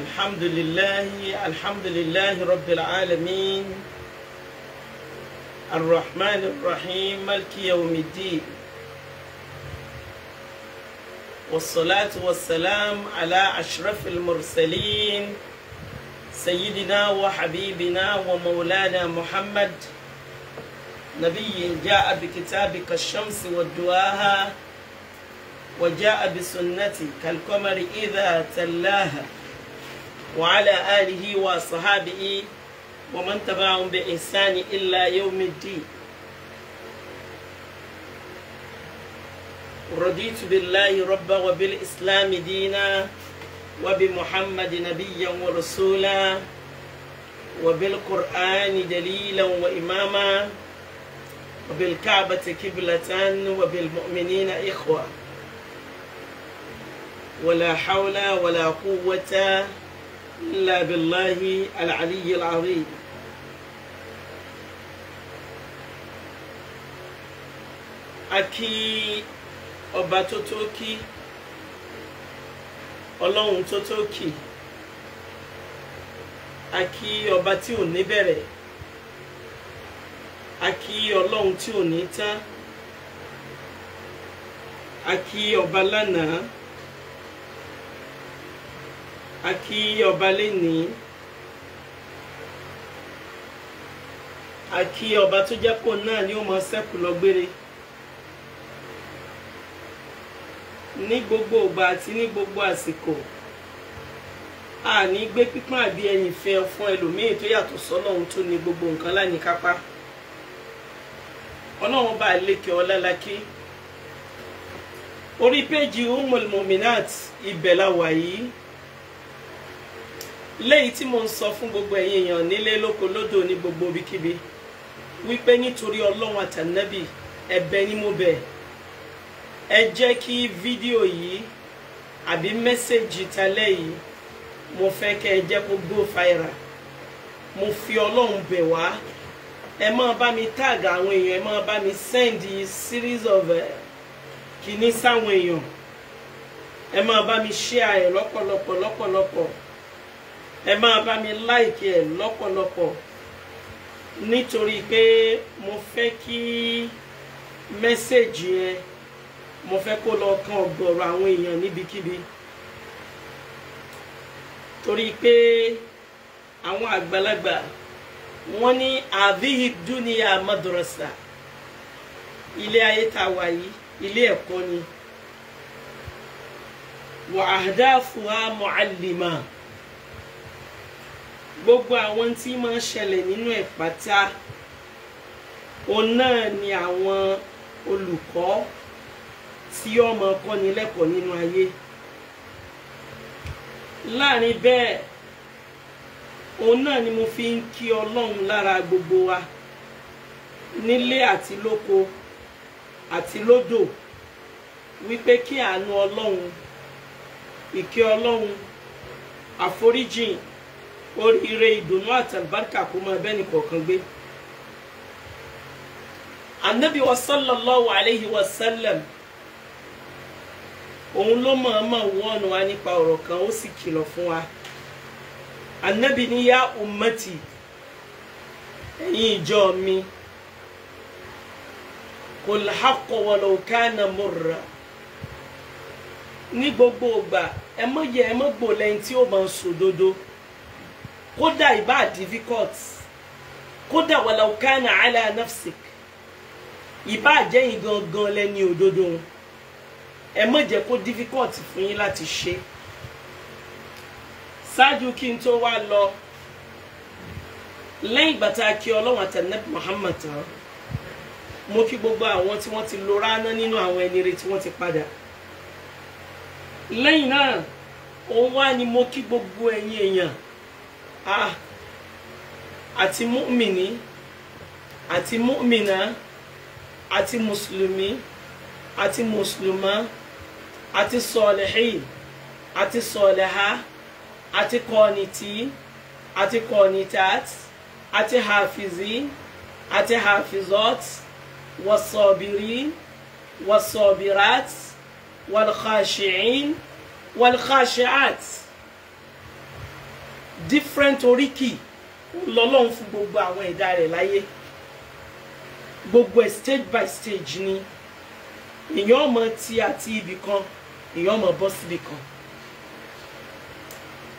الحمد لله الحمد لله رب العالمين الرحمن الرحيم ملك يوم الدين والصلاة والسلام على أشرف المرسلين سيدنا وحبيبنا ومولانا محمد نبي جاء بكتابك الشمس والدواها وجاء بسنتك كالقمر إذا تلاها وعلى آله وصحابه ومن تبعهم بإحسان إلى يوم الدين رضيت بالله ربا وبالإسلام دينا وبمحمد نبيا ورسولا وبالقرآن دليلا وإماما وبالكعبة كبلة وبالمؤمنين إخوة ولا حول ولا قوة إلا بالله العلي العظيم akí ọba tó tó kí ọlọ́run tó tó kì akí ọba tí ò ní bẹ̀rẹ̀ akí ọlọ́run tí ò ní tán akí ọba lánàá. Aki kí ọba lẹ́ni a kí ọba tó jẹ́ pò náà ni ó mọ sẹ́kù lọ́gbére ní gbogbo ìgbà àti ní gbogbo àsìkò a ní gbé pípọ́n àbí ẹ̀yìn fẹ́ fún ẹlòmíín tó yàtọ̀ sọ́lọ́run tó ní gbogbo nǹkan láníkápá ọlọ́run bá lékè ọlá lákì orí péjì umul muminat ibẹ̀ la wà yìí léyìí tí mo ń sọ fún gbogbo ẹ̀yin èèyàn nílé lóko lódò ní gbogbo ibikíbi wípé nítorí ọlọ́run àtànábì ẹ̀bẹ̀ ni mo bẹ̀ ẹ jẹ́ kí fídíò yìí àbí mẹ́sẹ̀gì talẹ́ yìí mo fẹ́ kẹ́ ẹ jẹ́ kó gbó fàìrà mo fi ọlọ́run bẹ̀ wá ẹ máa bá mi tag àwọn èèyàn ẹ máa bá mi send series of eh, kìíní sáwọn èèyàn ẹ máa bá mi share ẹ lọ́pọ̀lọpọ̀ lọ́pọ̀lọpọ̀ ẹ máa bá mi láìkí ẹ lọ́pọ̀lọpọ̀ nítorí pé mo fẹ́ kí mẹ́sẹ̀gì ẹ mo fẹ́ kó lọ kan ọ̀gọ̀rọ̀ àwọn èèyàn níbikíbi torí pé àwọn àgbàlagbà wọ́n ní àdìhì dúnìyà madrasa ilé ayé tá a wà yìí ilé ẹ̀kọ́ ni wàhádà fúhà mọ́àlìmá gbogbo àwọn tí máa ń ṣẹlẹ̀ nínú ẹ̀ pátá òun náà ni àwọn olùkọ́ tí ọmọ kọ́ni lẹ́kọ̀ọ́ nínú ayé láàrin bẹ́ẹ̀ òun náà ni mo fi ń kí ọlọ́run lára gbogbo wa nílé àti lóko àti lódò wípé kí àánú ọlọ́run ìkẹ́ ọlọ́run àforíjìn oríire ìdùnnú àtàlùbáríkà kó máa bẹ́ẹ̀ nìkọ̀ọ̀kan gbé anabi wa sallallahu alayhi wa sallam òun ló mọ̀ọ́mọ̀ wọ́ọ̀nù wa nípa ọ̀rọ̀ kan ó sì kìlọ̀ fún wa anabi ní yá ummati ẹ̀yin ìjọ mi kul haqqa walau kana murra ní gbogbo ìgbà ẹ mọ̀ yẹ ẹ mọ̀ gbò lẹ́yìn tí ó máa ń sòdodo. So kódà ìbá difficult kódà walau kana ala nafsik ìbá jẹ́yìn gangan lẹ́ni òdodo ẹ má jẹ́ kó difficult fún yín láti ṣe ṣáájú kí n tó wá lọ lẹ́yìn ìgbà a kí ọlọ́run àtẹnẹ́bí Muhammad tán mo kí gbogbo àwọn tí wọ́n ti lo ráná nínú àwọn ẹni rẹ̀ tí wọ́n ti padà lẹ́yìn náà òun wá ni mo kí gbogbo ẹ̀yin èèyàn Ah, àti múmìnì àti múmìnà àti mùsùlùmí àti mùsùlùmá àti sọ̀lẹ̀hìn àti sọ̀lẹ̀há àti kọ̀ọ̀nìtì àti kọ̀ọ̀nìtàt àti hàfìzì àti hàfìzọ́t wàsọ̀bìrín wàsọ̀bìrát wàlkàṣìín wàlkàṣìát different oriki, lọ́lọ́run fún gbogbo àwọn ẹ̀dá rẹ̀ láyé gbogbo ẹ̀ stage by stage ni èèyàn ọmọ ti àti ibì kan èèyàn ọmọ bọ́ síbì kan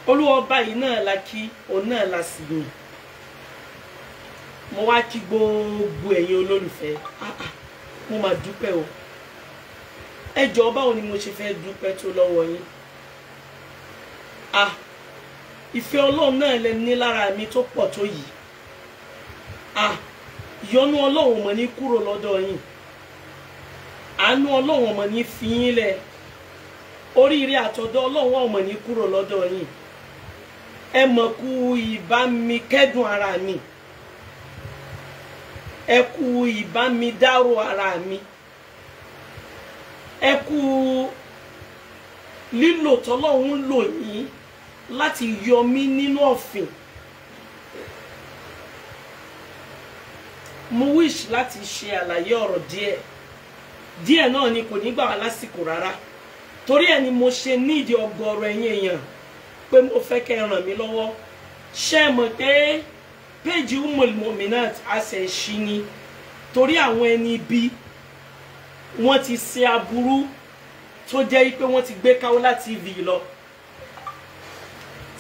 olúwa ọba yìí náà la kí òun náà la sì yìn mo wá kí gbogbo ẹ̀yin olólùfẹ́ mo máa dúpẹ́ o ẹ jọ̀ọ́ báwo ni mo ṣe fẹ́ dúpẹ́ tó lọ́wọ́ yín ah ìfẹ́ ọlọ́run náà lẹ ní lára mi tó pọ̀ tó yìí ah ìyọ́nú ọlọ́run mọ̀ ní kúrò lọ́dọ̀ yìí àánú ọlọ́run mọ̀ ní fi yín oríire àtọ̀dọ̀ ọlọ́run mọ̀ ní kúrò lọ́dọ̀ yìí ẹ mọ̀ kú ìbámi kẹ́dùn ara mi ẹ kú mi dárò ara mi ẹ kú lílò tọ́lọ́run lò yín. láti yọ mí nínú ọ̀fìn mo wish láti ṣe àlàyé ọ̀rọ̀ díẹ̀ díẹ̀ náà ni kò ní gbà wá lásìkò rárá torí ẹ̀ ni mo ṣe nídìí ọgọ́rọ̀ ẹ̀yin èèyàn pé mo fẹ́ kẹ́ ẹ ràn mí lọ́wọ́ ṣé ẹ mọ̀ pé péjì Ummul Mu'minat àṣẹ̀ṣí ni torí àwọn ẹni bí wọ́n ti ṣe aburú tó jẹ́ pé wọ́n ti gbé Kaola TV lọ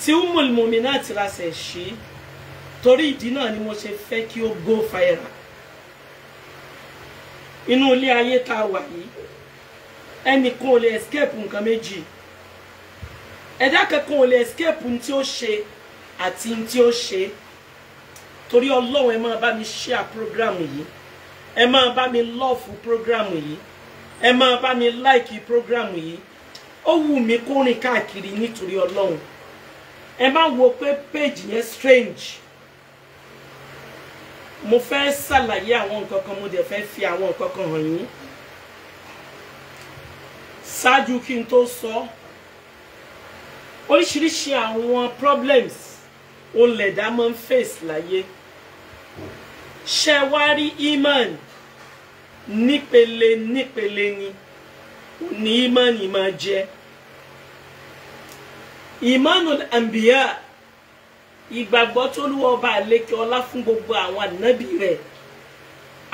tí umul muminat rasẹ̀ ṣe torí ìdí náà ni mo ṣe fẹ́ kí ó go fire inú ilé ayé tá a wà yìí ẹnìkan ò lè escape nǹkan méjì ẹ̀dá kankan ò lè escape ní tí ó ṣe àti ní tí ó ṣe torí ọlọ́run ẹ máa bá mi share program yìí ẹ máa bá mi love program yìí ẹ máa bá mi like program yìí ó wù mí kó rìn káàkiri nítorí ọlọ́run ẹ má wo pé page yẹn strange mo fẹ́ ṣàlàyé àwọn nǹkan kan mo dẹ̀ fẹ́ fi àwọn nǹkan kan hàn yín ṣáájú kí n tó sọ oríṣiríṣi àwọn problems olẹ̀dá máa ń face láyé ṣe wá rí iman nípele nípele ni ní iman ni máa jẹ́. Imanul Anbiya ìgbàgbọ́ tó lù ọba àlékè ọlá fún gbogbo àwọn ànábì rẹ̀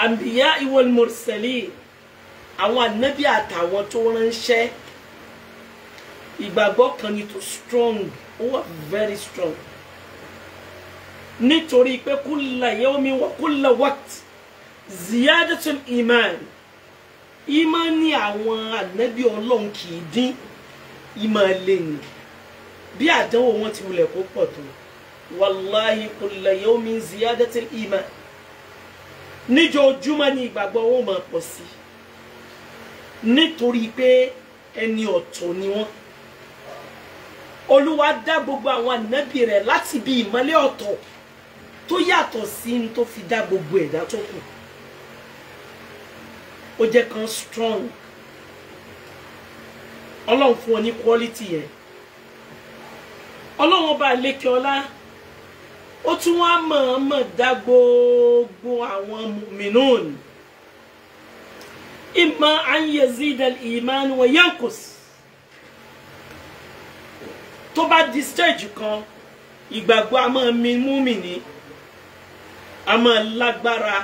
àǹbíyá ìwọl mọ̀rẹ́sẹ̀lì àwọn ànábì àtàwọn tó ránṣẹ́ ìgbàgbọ́ kan ni tó strong ó wà very strong nítorí pé kulla yawmi wa kulla waqt ziyadatul iman iman ni àwọn ànábì ọlọ́run kì í dín iman lẹ́yìn bí àdánwò wọn ti wulẹ̀ kó pọ̀ tó wàláhi kulla yawmin ziyadatil iman níjọ ojúmọ́ ni ìgbàgbọ́ wọn máa pọ̀ sí nítorí pé ẹni ọ̀tọ̀ ni wọ́n olúwa dá gbogbo àwọn ànábì rẹ̀ láti bí ìmọ́lẹ̀ ọ̀tọ̀ tó yàtọ̀ sí ní tó fi dá gbogbo ẹ̀dá tó kù ó jẹ́ kan strong ọlọ́run fún ọ ní quality yẹn ọlọ́run ọba àlekè ọlá ó tún wá mọ̀ọ́mọ̀ dá gbogbo àwọn mìíràn ìmọ̀ àyẹ̀zídẹ̀ ìmánu wa yankus tó bá di stage kan ìgbàgbọ́ a máa mi mú mi ní a máa lágbára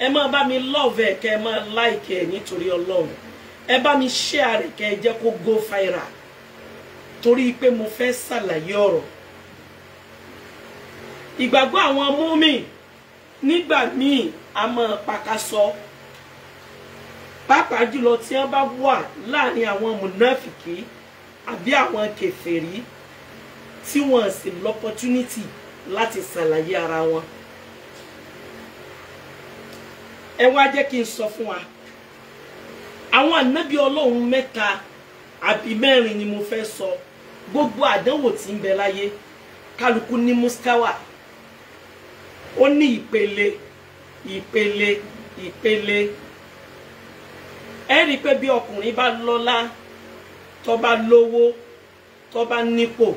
ẹ máa bá mi love kẹ́ ẹ máa like nítorí ọlọ́run ẹ bá mi share rẹ̀ ẹ jẹ́ kó go viral torí pé mo fẹ́ ṣàlàyé ọ̀rọ̀ ìgbàgbọ́ àwọn múmi nígbà míì a máa pakasọ pàápàá jùlọ tí wọ́n bá wà láàrin àwọn mùnáfìkì àbí àwọn kèfèrí tí wọ́n sì lọ́pọ́túnítì láti ṣàlàyé ara wọn ẹ wá jẹ́ kí n sọ fún wa àwọn ànábì ọlọ́run mẹ́ta àbí mẹ́rin ni mo fẹ́ sọ. So gbogbo àdánwò tí ń bẹ láyé kálukú ní mustawa ó ní ìpele ìpele ìpele ẹ rí i pé bí ọkùnrin bá lọ́lá tó bá lówó tó bá nípò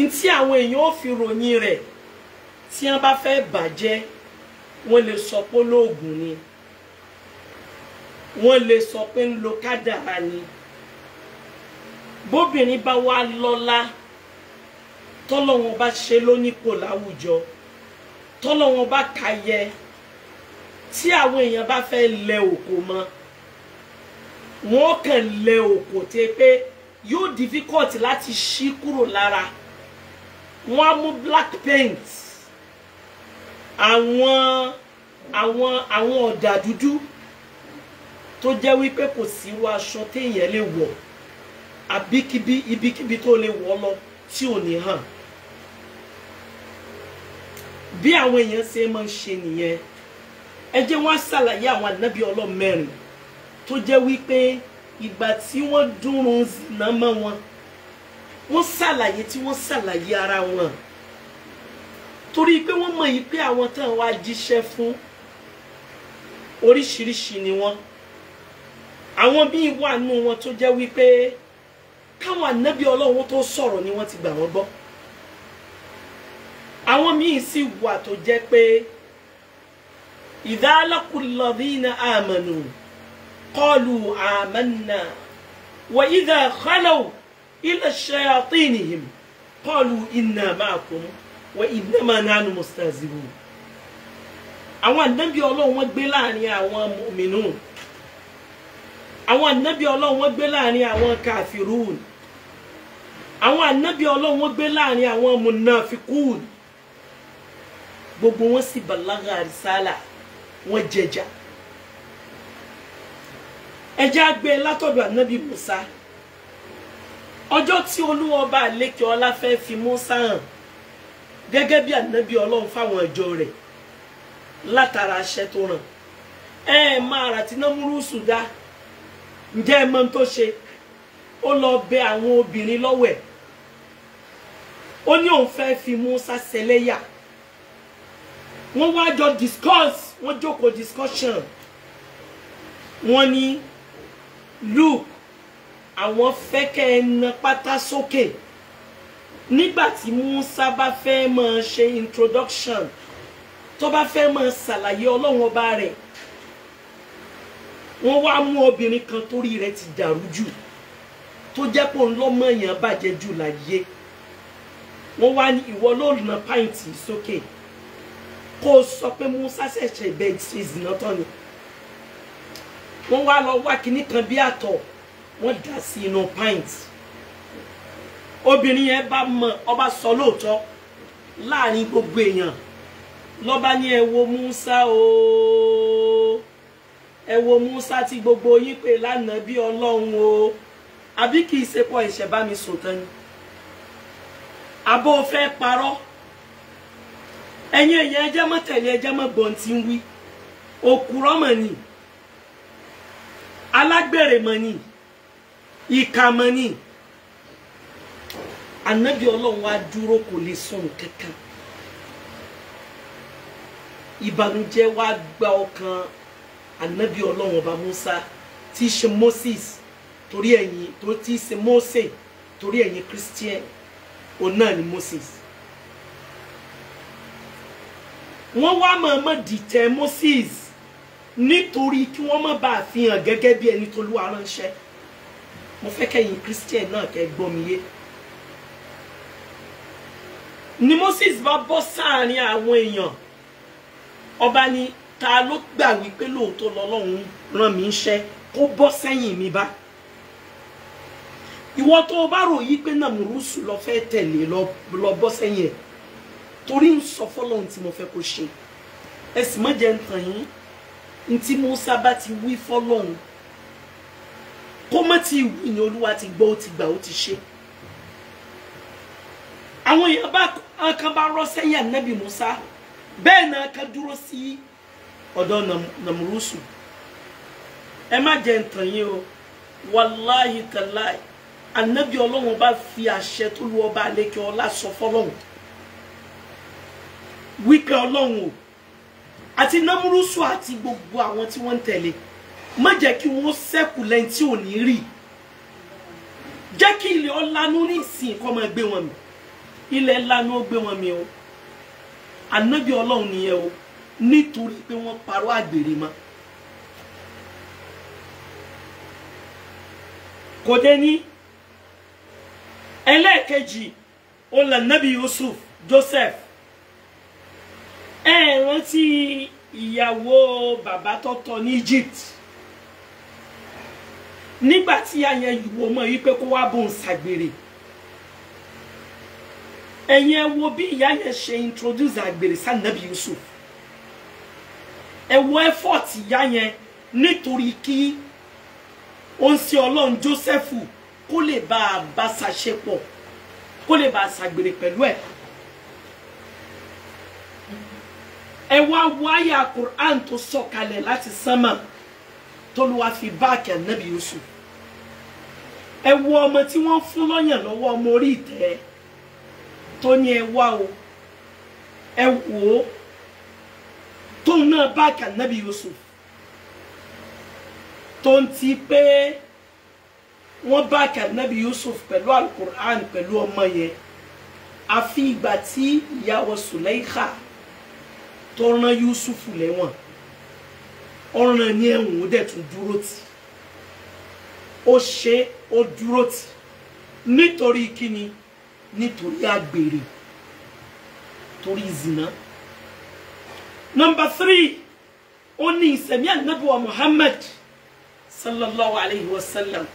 ntí àwọn èèyàn ó fi ròyìn rẹ̀ tí wọ́n bá fẹ́ bàjẹ́ wọ́n lè sọ pé olóògùn ni wọ́n lè sọ pé ń lo kádàrá ni bóbìnrin bá wá lọ́lá tọ́lọ́wọ́n bá ṣe lónípò láwùjọ tọ́lọ́wọ́n bá kàyẹ tí àwọn èèyàn bá fẹ́ lẹ òkò mọ́ wọ́n kàn lẹ òkò tẹ pé yóò difficult láti ṣí kúrò lára wọ́n á mú black paint àwọn àwọn àwọn ọ̀dà dúdú tó jẹ́ wípé kò sí irú aṣọ téèyàn lè wọ̀ àbíkíbí ibikíbi tó lè wọ́ lọ tí ò ní hàn bí àwọn èèyàn ṣe máa ń ṣe nìyẹn ẹ jẹ́ wọ́n ṣàlàyé àwọn ànábì ọlọ́mẹ́rin tó jẹ́ wípé ìgbà tí wọ́n dúnrún zìnà mọ́ wọn wọ́n ṣàlàyé tí wọ́n ṣàlàyé ara wọn torí pé wọ́n mọ̀ yìí pé àwọn tán wá jíṣẹ́ fún oríṣiríṣi ni wọ́n àwọn bíi wà nù wọn tó jẹ́ wípé káwọn ànábì ọlọ́run tó sọ̀rọ̀ ni wọ́n ti gbà wọ́n gbọ́ àwọn míì sì wà tó jẹ́ pé idha laqul ladhina amanu qalu amanna wa idha khalaw ila shayatinihim qalu inna ma'akum wa innama nahnu mustahzi'un àwọn ànábì ọlọ́run wọ́n gbé láàrin àwọn mu'minun àwọn ànábì ọlọ́run wọ́n gbé láàrin àwọn kafirun àwọn ànábì ọlọ́run wọ́n gbé láàrin àwọn munafikun gbogbo wọn sì balaga risala wọn jẹjà ẹjẹ àgbẹ látọ̀dọ̀ ànábì musa ọjọ́ tí olúwọba àlékè ọlá fẹ́ fi musa hàn gẹ́gẹ́ bí ànábì ọlọ́run fáwọn ìjọ rẹ̀ látara aṣẹ tó ràn ẹ máa rà tí námúrúsù dá ǹjẹ́ ẹ mọ̀ tó ṣe ó lọ bẹ àwọn obìnrin lọ́wọ́ ó ní òun fẹ́ fi Musa ṣẹlẹ́yà wọ́n wá jọ discuss wọ́n jókòó discussion wọ́n ní look àwọn fẹ́ kẹ́ ẹ na pátá sókè nígbà tí Musa bá fẹ́ máa ṣe introduction tó bá fẹ́ máa ṣàlàyé ọlọ́run ọba rẹ̀ wọ́n wá mú obìnrin kan torí rẹ̀ ti dàrú jù tó jẹ́ pé òun lọ́mọ èèyàn bàjẹ́ jù láyé wọ́n wá ní ìwọ ló na pàǹtì sókè kó o sọ pé Musa ṣẹ̀ṣẹ̀ bẹ ṣe zìnà tán ni wọ́n wá lọ wá kinní kan bí àtọ̀ wọ́n dà sí inú pàǹtì obìnrin yẹn bá mọ ọba sọ lóòótọ́ láàrin gbogbo èèyàn lọ́ba ní ẹ wo Musa ooo ẹ wo Musa tí gbogbo yín pè lánàá bí Ọlọ́run o àbí kì í ṣe pọ̀ ìṣẹ̀bámi sòtán ni àbọ̀ fẹ́ parọ́ ẹ̀yin èèyàn ẹjẹ́ mọ́ tẹ̀lé ẹjẹ́ mọ́ gbọ́n tí ń wí òkúrọ́ mọ̀ ni alágbèrè mọ̀ ni ìkà mọ̀ ni ànábì ọlọ́run wa dúró kò lè sùn kankan ìbànújẹ́ wa gba ọkàn ànábì ọlọ́run ọba Musa tí í ṣe Moses torí ẹ̀yin tó ti ṣe Mose torí ẹ̀yin Christian òun náà ni Moses wọ́n wá mọ̀ọ́mọ̀ dìtẹ̀ Moses nítorí kí wọ́n má bàa fi hàn gẹ́gẹ́ bí ẹni tó lúwa ránṣẹ́ mo fẹ́ kẹ́yìn Christian náà kẹ́ gbọ́ mi yé ni Moses bá bọ́ sáàrin àwọn èèyàn ọba ni ta ló gbà wípé lóòótọ́ lọ́lọ́run rán mi ń ṣẹ́ kó bọ́ sẹ́yìn mi bá ìwọ tó o bá rò yí pé nàmúrúsù lọ fẹ́ tẹ̀lé lọ bọ́ sẹ́yìn ẹ̀ torí ń sọ fọlọ́run tí mo fẹ́ kó ṣe ẹ sì má jẹ́ ntàn yín ntí Musa bá ti wí fọlọ́run kó má ti wí ni olúwa ti gbọ́ ó ti gbà ó ti ṣe àwọn èèyàn bá kan bá rọ́ sẹ́yìn ànábì Musa bẹ́ẹ̀ náà kan dúró sí ọ̀dọ̀ nàmúrúsù ẹ má jẹ́ ntàn yín o wàláhì tàláì ànábì ọlọ́run bá fi àṣẹ tó lu ọba àlekè ọlá sọ fọlọ́run wípé ọlọ́run o àti námúrúsù àti gbogbo àwọn tí wọ́n ń tẹ̀lé má jẹ́ kí wọ́n sẹ́kù lẹ́yìn tí ò ní rí jẹ́ kí ilẹ̀ ọ̀lànà ní ìsìn kọ́ máa gbé wọn mi ilẹ̀ lanu gbé wọn mi o ànábì ọlọ́run nìyẹn o nítorí pé wọ́n parọ́ àgbèrè mọ́ kò dé ní ẹlẹ́ẹ̀kejì ó Nabi Yusuf Joseph ẹ rántí ìyàwó bàbá tọ́tọ̀ ní Egypt nígbà tí ayẹyẹ ìwò mọ̀ yìí pé kó wá bòun ṣàgbèrè ẹ̀yin ẹ wo bí ìyá yẹn ṣe introduce àgbèrè Nabi Yusuf ẹ wo effort ìyá yẹn nítorí kí ó ń ṣe ọlọ́run Jósẹ́fù kó lè bá a bá ṣàṣepọ̀ kó lè bá ṣàgbèrè pẹ̀lú ẹ̀ ẹ wá wáyà Quran tó sọ̀kalẹ̀ láti sánmà tólúwa fi báàkì ànábì Yusuf ẹ wo ọmọ tí wọ́n fún lọ́yàn lọ́wọ́ ọmọ orí ìtẹ́ tó ní ẹ wá o ẹ wò ó tóun náà báàkì ànábì Yusuf tó ń ti pé wọ́n bá kànábì Yusuf pẹ̀lú alukur'an pẹ̀lú ọmọ yẹn àfi ìgbà tí ìyàwó Sùlẹ́ìkà tó rán Yusuf lẹ́wọ̀n ọ̀ràn ní ẹ̀wọ̀n ó dẹ̀ tún dúró tì ó ṣe ó dúró tì nítorí kíni nítorí àgbèrè torí zina nọ́mbà three ó ní ìsẹ̀mí ànábì wa Muhammad sallallahu alayhi wa sallam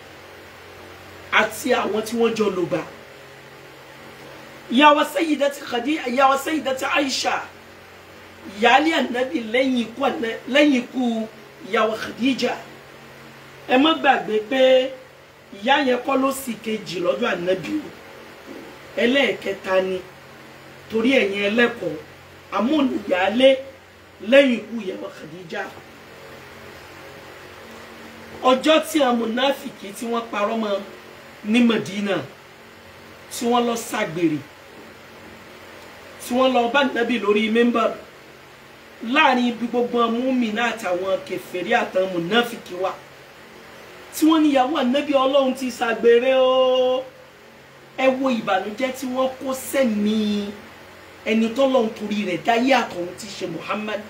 àti àwọn tí wọ́n jọ lò bá ìyá wa Sayyidati Khadija ìyá wa Sayyidati Aisha ìyáálé ànábì lẹ́yìn ikú lẹ́yìn ikú wa Khadija ẹ má gbàgbé pé ìyá yẹn kọ́ ló sì kejì lọ́dọ̀ ànábì o ẹlẹ́ẹ̀kẹta ni torí ẹ̀yìn ẹlẹ́kọ̀ọ́ amóhùnyálé lẹ́yìn ikú ìyá wa Khadija ọjọ́ tí àwọn mùnáfìkì tí wọ́n parọ́ mọ́ ọ ní Medina tí wọ́n lọ ságbèrè tí wọ́n lọ bá nàbì lórí mẹ́mbà láàrin ibi gbogbo múmìnà àtàwọn kèfèrí àtàwọn mùnáfìkì wa tí wọ́n níyàwó ànábì ọlọ́run ti ságbèrè o ẹ wo ìbànújẹ́ tí wọ́n kó sẹ́mi ẹni tọ́lọ́run torí rẹ̀ dáyé àtọ̀hún ti ṣe Muhammad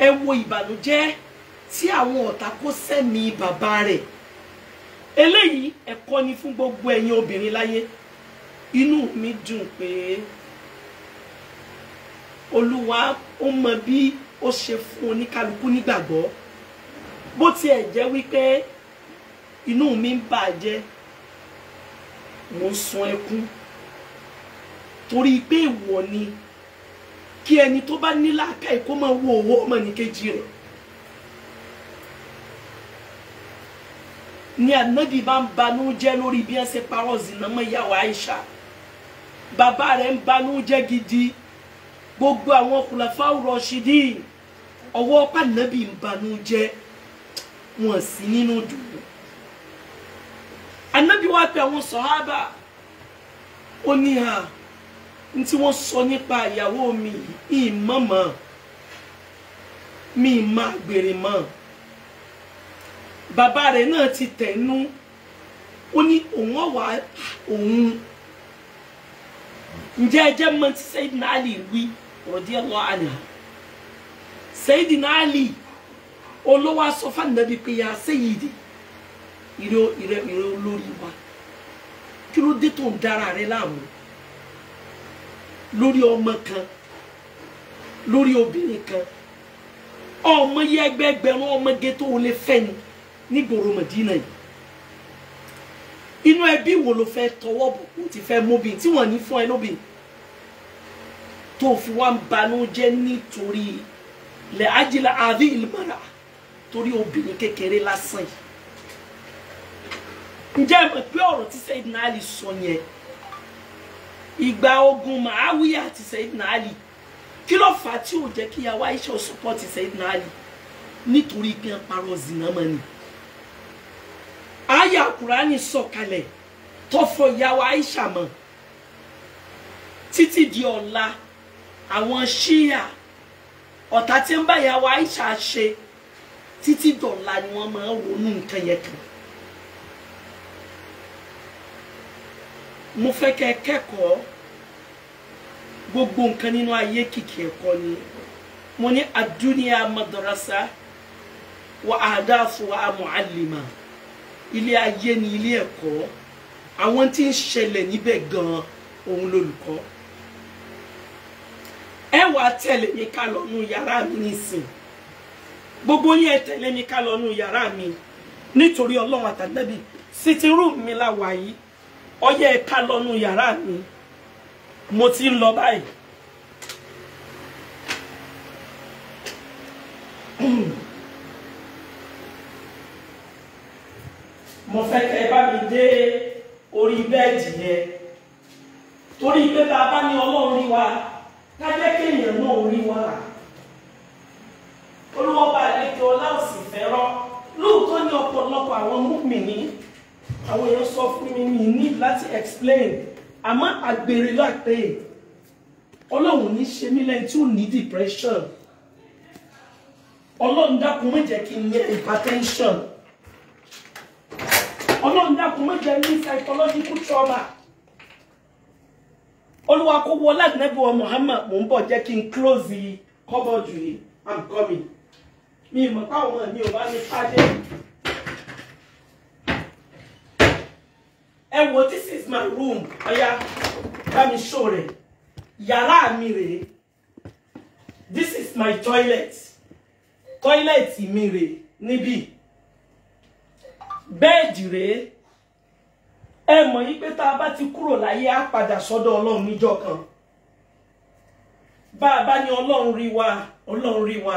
ẹ wo ìbànújẹ́ tí àwọn ọ̀tá kó sẹ́mi bàbá rẹ̀ eléyìí ẹ̀kọ́ ni fún gbogbo ẹ̀yin obìnrin láyé inú mi dùn pé olúwa ó mọ bí ó ṣe fún oníkálukú nígbàgbọ́ bó tiẹ̀ jẹ́ wípé inú mi ń bàjẹ́ mo ń sun ẹkún torí pé ìwọ ni kí ẹni tó bá ní làákàyè kó máa wo òwò ọmọnìkejì rẹ̀ ni ànábì bá ń banú jẹ́ lórí bí wọ́n ṣe parọ́ zìnà mọ́ ìyàwó Aisha bàbá rẹ̀ ń banú jẹ́ gidi gbogbo àwọn kùlàfà rọ̀ṣídì ọwọ́ pànábì ń banú jẹ́ wọn sí nínú dùnú ànábì wá pé àwọn sọ̀hábà ó ní ha tí wọ́n sọ nípa ìyàwó mi ìmọ̀mọ̀ mi ìmọ̀ àgbèrè mọ́. bàbá rẹ̀ náà ti tẹ̀nú ó ní òun ọ̀wà òun ǹjẹ́ ẹjẹ́ mọ tí Sayyidina Ali wí radiyallahu anha Ali olówó aṣọ fànàbí pé ya olórí wa kí ló dé tó ń dára rẹ láàmú ọmọ kan lórí obìnrin kan ọmọ yẹ ẹgbẹẹgbẹ̀rún ọmọge tó o lè ni nígboro Mẹ̀dínà yìí inú ẹbí wo ló fẹ́ tọwọ́ bùkún ti fẹ́ móbìn tí wọ́n ní fún ẹ lóbìn tó fi wá ń banú jẹ́ nítorí lẹ́ ajílá àbí ìlmọ́ra torí obìnrin kékeré lásán yìí ǹjẹ́ ẹ mọ̀ pé ọ̀rọ̀ tí Sayyidina Ali sọ yẹn ìgbà ogun Màáwíyà àti Sayyidina Ali kí ló fà á tí ò jẹ́ kí yàwá Aisha support Sayyidina Ali nítorí pé ń parọ́ zina mọ́ àyà kùránì sọ̀kalẹ̀ tọ́fọ̀ ìyàwó Aisha mọ̀ títí di ọ̀la àwọn ṣíyà ọ̀tá tí ń bá ìyàwó Aisha ṣe títí dọ̀la ni wọ́n máa ń ronú nǹkan yẹn kan. mo fẹ́ kẹ́ ẹ kẹ́kọ̀ọ́ gbogbo nǹkan nínú ayé kìkì ẹ̀kọ́ ni mo ní adúniya madrasa wa àdáfo wa muallima ilé ayé ni ilé ẹ̀kọ́ àwọn tí ń ṣẹlẹ̀ níbẹ̀ gan-an òun lolùkọ́ ẹ wàá tẹ̀lé mi ká lọ nú yàrá mi nísìn gbogbo yín ẹ tẹ̀lé mi ká lọ nú yàrá mi nítorí ọlọ́run àtàdébì sitting room mi la wà yìí ọyẹ ká lọ nú yàrá mi mo ti ń lọ báyìí. mo fẹ́ kẹ́ ẹ bá mi dé orí bẹ́ẹ̀dì yẹn torí pé bá a bá ní ọlọ́run rí wa ká jẹ́ kéèyàn náà rí wa olúwọ́ba àlejò ọlá òsì fẹ́ràn lóòótọ́ ní ọ̀pọ̀lọpọ̀ àwọn mùmínì àwọn èèyàn sọ fún mi mi need láti explain àmọ́ àgbèrè lápè ọlọ́run ní ṣe mí lẹ́yìn tí ò ní depression ọlọ́run dákun má jẹ́ kí n ní hypertension ọlọ́run dákun mẹ́jẹ ní psychological trauma olúwa kó wọ ládìnẹ́bùwọ̀ Muhammad mò ń bọ̀ jẹ́ kí n close kọ́bọ̀dù yìí i'm coming mi mọ̀ táwọn mi ò bá ní pàdé ẹ wo this is my room ọ̀ya bá mi ṣó rẹ̀ yàrá mi rèé this is my toilet toilet mi rèé níbí. bẹ́ẹ̀dì rèé ẹ mọ̀ yí pé tá a bá ti kúrò láyé á padà sọ́dọ̀ ọlọ́run níjọ́ kan bá a bá ní ọlọ́run rí wa ọlọ́run rí wa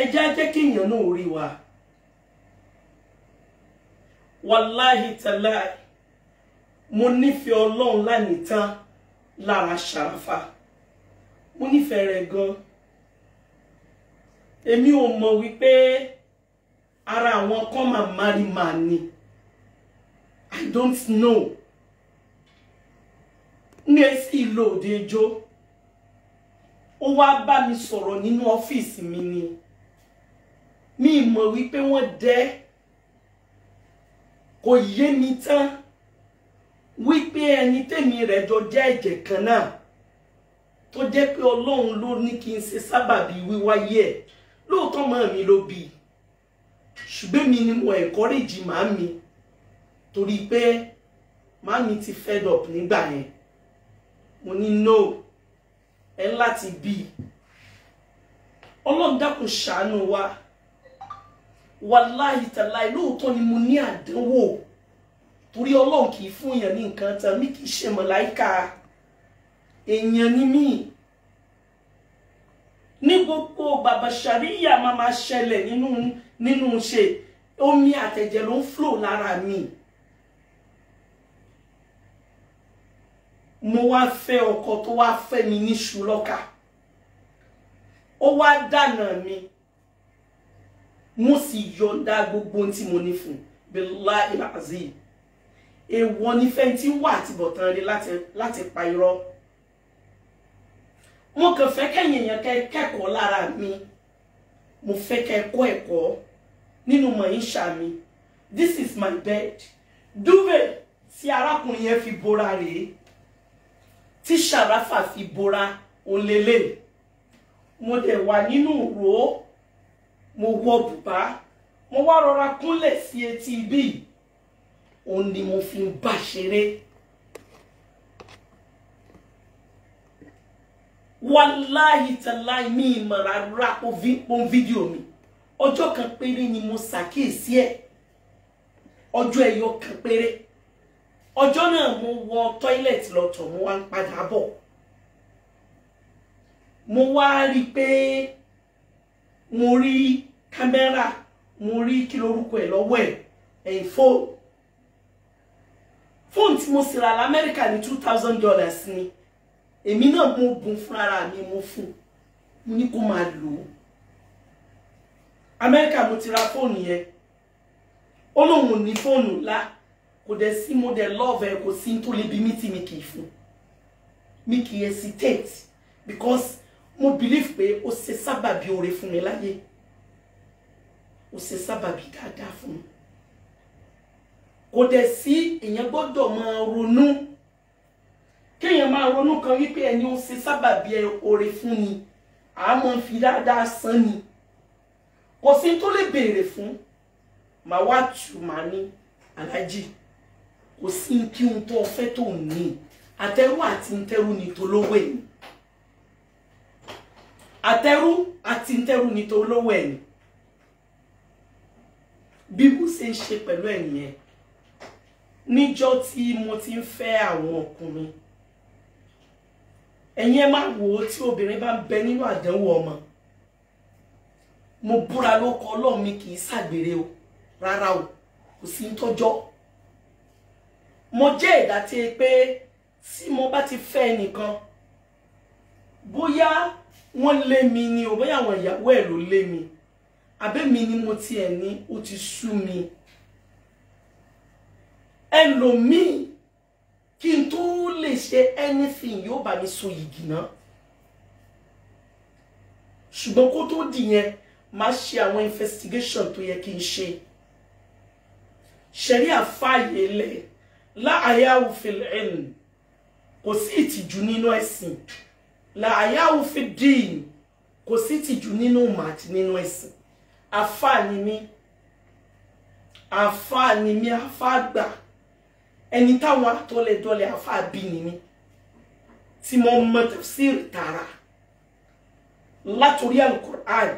ẹ jẹ́ á jẹ́ kí èèyàn náà rí wa wàláhì tàláì mo nífẹ̀ẹ́ ọlọ́run lánìí tán lára ṣàràfà mo nífẹ̀ẹ́ rẹ̀ gan-an èmi ò mọ̀ wípé. ara àwọn kan máa marry man ni i don't know ní èsì ìlò òde ijó ó wá bá mi sọ̀rọ̀ nínú ọ́fíìsì mi ni mi mọ̀ wípé wọ́n dẹ́ kò yé mi tán wípé ẹni tèmi rẹ̀ jọ jẹ́ ẹ̀jẹ̀ kan náà tó jẹ́ pé ọlọ́run ló ní kí n ṣe sábàbí wíwáyé ẹ̀ lóòótọ́ mọ́ mi ló bí ṣùgbọ́n mi ni mo encourage màámi torí pé màámi ti fed up nígbà yẹn mo ní no ẹ láti bí ọlọ́run dákun ṣàánú wa wàláhì tàláì lóòótọ́ ni mo ní àdánwò torí ọlọ́run kì í fún èèyàn ní nǹkan tán mi kì í ṣe mọ̀láìkà èèyàn ni mí ní gbogbo bàbá ṣàríyà máa máa ṣẹlẹ̀ nínú nínú ṣe omi àtẹ̀jẹ̀ ló ń flow lára mi mo wá fẹ́ ọkọ tó wá fẹ́ mi níṣu lọ́kà ó wá dànà mi mo sì yọ̀ǹda gbogbo ohun tí mo ní fún bílá ìlàzí èèwọ̀ ní fẹ́ntì wà àtibọ̀tán rí láti pa irọ́ mo kàn fẹ́ kẹ́yìn èèyàn kẹ́kọ̀ọ́ lára mi mo fẹ́ kẹ́ kọ́ ẹ̀kọ́ nínú mọ̀ọ́yìnṣà mi this is my bed duvet tí arákùnrin yẹn fi bora rèé tí Sharafa fi bora òǹlẹ̀lẹ̀ mo dẹ̀ wà nínú ìró mo wọ bùbá mo wá rọra kúnlẹ̀ sí etí bíi òun ni mo fi ń bá ṣeré wàláhì tàláì mi ìmọ̀ rárá pọ́n fídíò mi ọjọ́ kan péré ni mo ṣàkíyèsí ẹ̀ ọjọ́ ẹ̀yọ kan péré ọjọ́ náà mo wọ tọ́ílẹ̀tì lọ́tọ̀ mo wá ń padà bọ̀ mo wá rí i pé mo rí kámẹ́rà mo rí kí lorúkọ ẹ̀ lọ́wọ́ ẹ̀ ẹ̀yìn fóònù fóònù tí mo sì rà lamẹ́ríkà ní two thousand dollars ni èmi náà mo bùn fúnra mi mo fún mo ní kó máa lò ó amẹ́ríkà mo ti ra fóònù yẹn ó lóun ò ní fóònù ńlá kò dẹ̀ sí mo dẹ̀ lọ́ọ̀fẹ́ kò sí tó lè bí mi tí mi kì í fún mi kì í hesitate because mo believe pé ó ṣe sábàbí oore fún mi láyé ó ṣe sábàbí dáadáa fún mi kò dẹ̀ sí èèyàn gbọ́dọ̀ máa ronú kéèyàn máa ronú kan wípé ẹni ó ṣe sábàbí oore fún ni àmọ́ fi dáadáa san ni kò sí tó lè béèrè fún màá wá tù màá ní aláàjì kò sí kí n tó fẹ́ tó ní àtẹrù àti ntẹrù ni tolówó ẹ̀yìn àtẹrù àti ntẹrù ni tolówó ẹ̀yìn bí mo ṣe ń ṣe pẹ̀lú ẹ̀yìn ẹ̀ níjọ́ tí mo ti ń fẹ́ àwọn ọkùnrin ẹ̀yin ẹ máa wò ó tí obìnrin bá ń bẹ nínú àdánwò ọmọ mo búra lóko ọlọ́run mi kì í ṣàgbèrè o rárá o kò sí ń tọ́jọ́ mo jẹ́ ẹ̀dá tí e pé tí mo bá ti fẹ́ ẹnìkan bóyá wọ́n lé mi ni o bóyá àwọn ìyàwó ẹ̀ ló lé mi àbẹ́mi ni mo tiẹ̀ ní ó ti sú mi ẹlòmíì kí n tó lè ṣe anything yóò bá mi so yìgì náà ṣùgbọ́n kó tó dì yẹn máa ṣe àwọn investigation tó yẹ kí n ṣe ṣẹ̀ríà fààyè lẹ̀ láàyà òfin ẹ̀nù kò sí ìtìjú nínú ẹ̀sìn láàyà òfin dín kò sí ìtìjú nínú ìmọ̀ àti nínú ẹ̀sìn àfáà ni mí àfáà ni mí ẹni táwọn atọ́lẹ̀dọ́lẹ̀ àfáà bí ni mí tí mo mọ tafsir tààrà látòrí alukur'an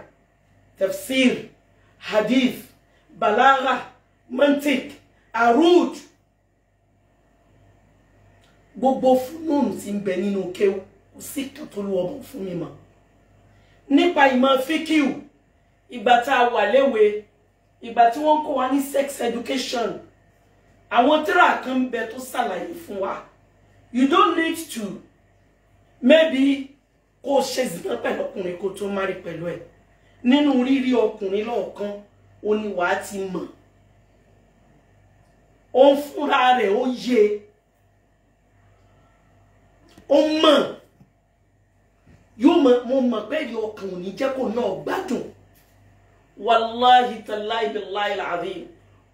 tafsir hadith balaga mantik aruj gbogbo fúnùn tí ń bẹ nínú kéwù kò sí kan tó lu ọmọ fún mi mọ́ nípa ìmọ̀ fíkìú ìgbà tá a wà léwe ìgbà tí wọ́n kọ́ wa ní sex education àwọn tíra kan bẹ tó ṣàlàyé fún wa you don't need to maybe go chase ṣe zìnà pẹ̀lú ọkùnrin kó o tó má rí pẹ̀lú ẹ̀ nínú rírí ọkùnrin lọ́ọ̀kan ó ní wàá ti mọ̀ ó ń fúnra rẹ̀ ó yé ó mọ̀ yóò mọ̀ mo mọ̀ pé èrè ọkàn ò ní jẹ́ kó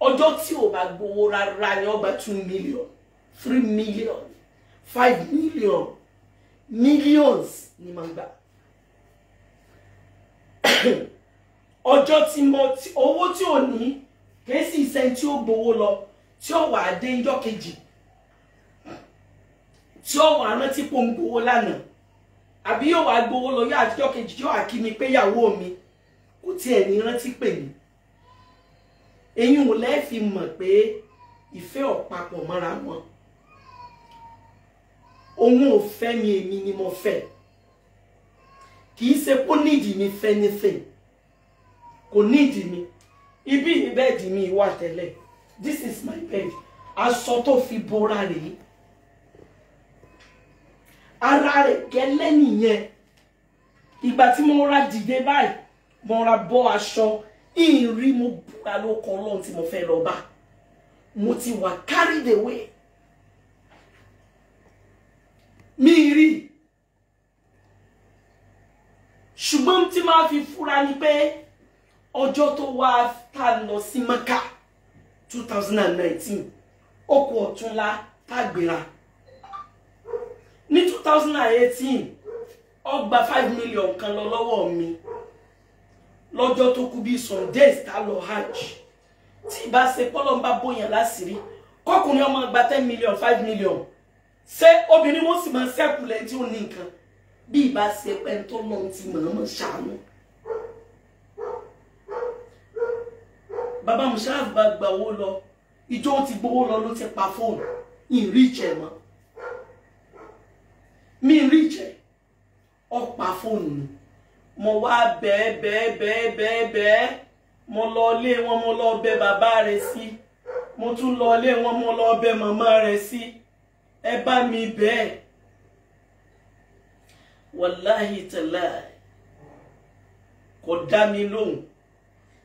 ọjọ́ tí o bá gbowó rárá ni ọgbà two million three million five million millions ni màá gbà ọjọ́ tí mo owó tí o ní kìí sì sẹ́ni tí ó gbowó lọ tí ó wà á dé ńjọ́ kejì tí ó wà á rántí pò ń gbowó lánàá àbí yóò wá gbowó lọ yóò àtijọ́ kejì yóò àkí mi pé ìyàwó mi kò tiẹ̀ ní rántí pè mí ẹ̀yin ò lẹ́ẹ̀ fi mọ̀ pé ìfẹ́ ọ̀pápọ̀ mọ́ra wọn òun ò fẹ́ mi èmi ni mo fẹ́ kì í ṣe kó nídìí mi fẹ́ nífẹ̀ẹ́ kò nídìí mi ibi ni bẹ́ẹ̀dì mi wà tẹ́lẹ̀ this is my bed aṣọ tó fi bora rèé ara rẹ̀ gẹ́lẹ́ nìyẹn ìgbà tí mo ra dìde báyìí mo ra bọ́ aṣọ ìrì mo búra lóko ọlọ́run tí mo fẹ́ lọ bá mo ti wà carried away mi rí ṣùgbọ́n tí máa fi fura ni pé ọjọ́ tó wá ta lọ sí maka two thousand and nineteen ó kù ọ̀túnla tágbéra ní two thousand and eighteen ó five million kan lọ lọ́wọ́ mi lọ́jọ́ tó kú bíi some days tá lọ hajj tí ìbá ṣe pọ́lọ́ ń bá bóyá láṣìírí kọkùnrin ọmọ gba ten million five million ṣé obìnrin wọn sì máa ṣẹ́kù lẹ́yìn tí ó ní nǹkan bí ìbá ṣe pẹ́ tó lọ́n ti mọ̀ọ́mọ̀ ṣàánú. bàbá mushaf bá gba owó lọ ìjọ ti gbowó lọ ló ti pa fóònù ìrì ìjẹ mọ́ mi ìrì ìjẹ ọ̀pá fóònù ni mo wá bẹ́ẹ̀ bẹ́ẹ̀ bẹ́ẹ̀ bẹ́ẹ̀ bẹ́ẹ̀ mo lọ ilé wọn mo lọ bẹ̀ bàbá rẹ̀ sí mo tún lọ ilé wọn mo lọ bẹ̀ màmá rẹ̀ sí ẹ bá mi bẹ́ẹ̀ wàláhì tẹ̀lá kò dá mi lóhùn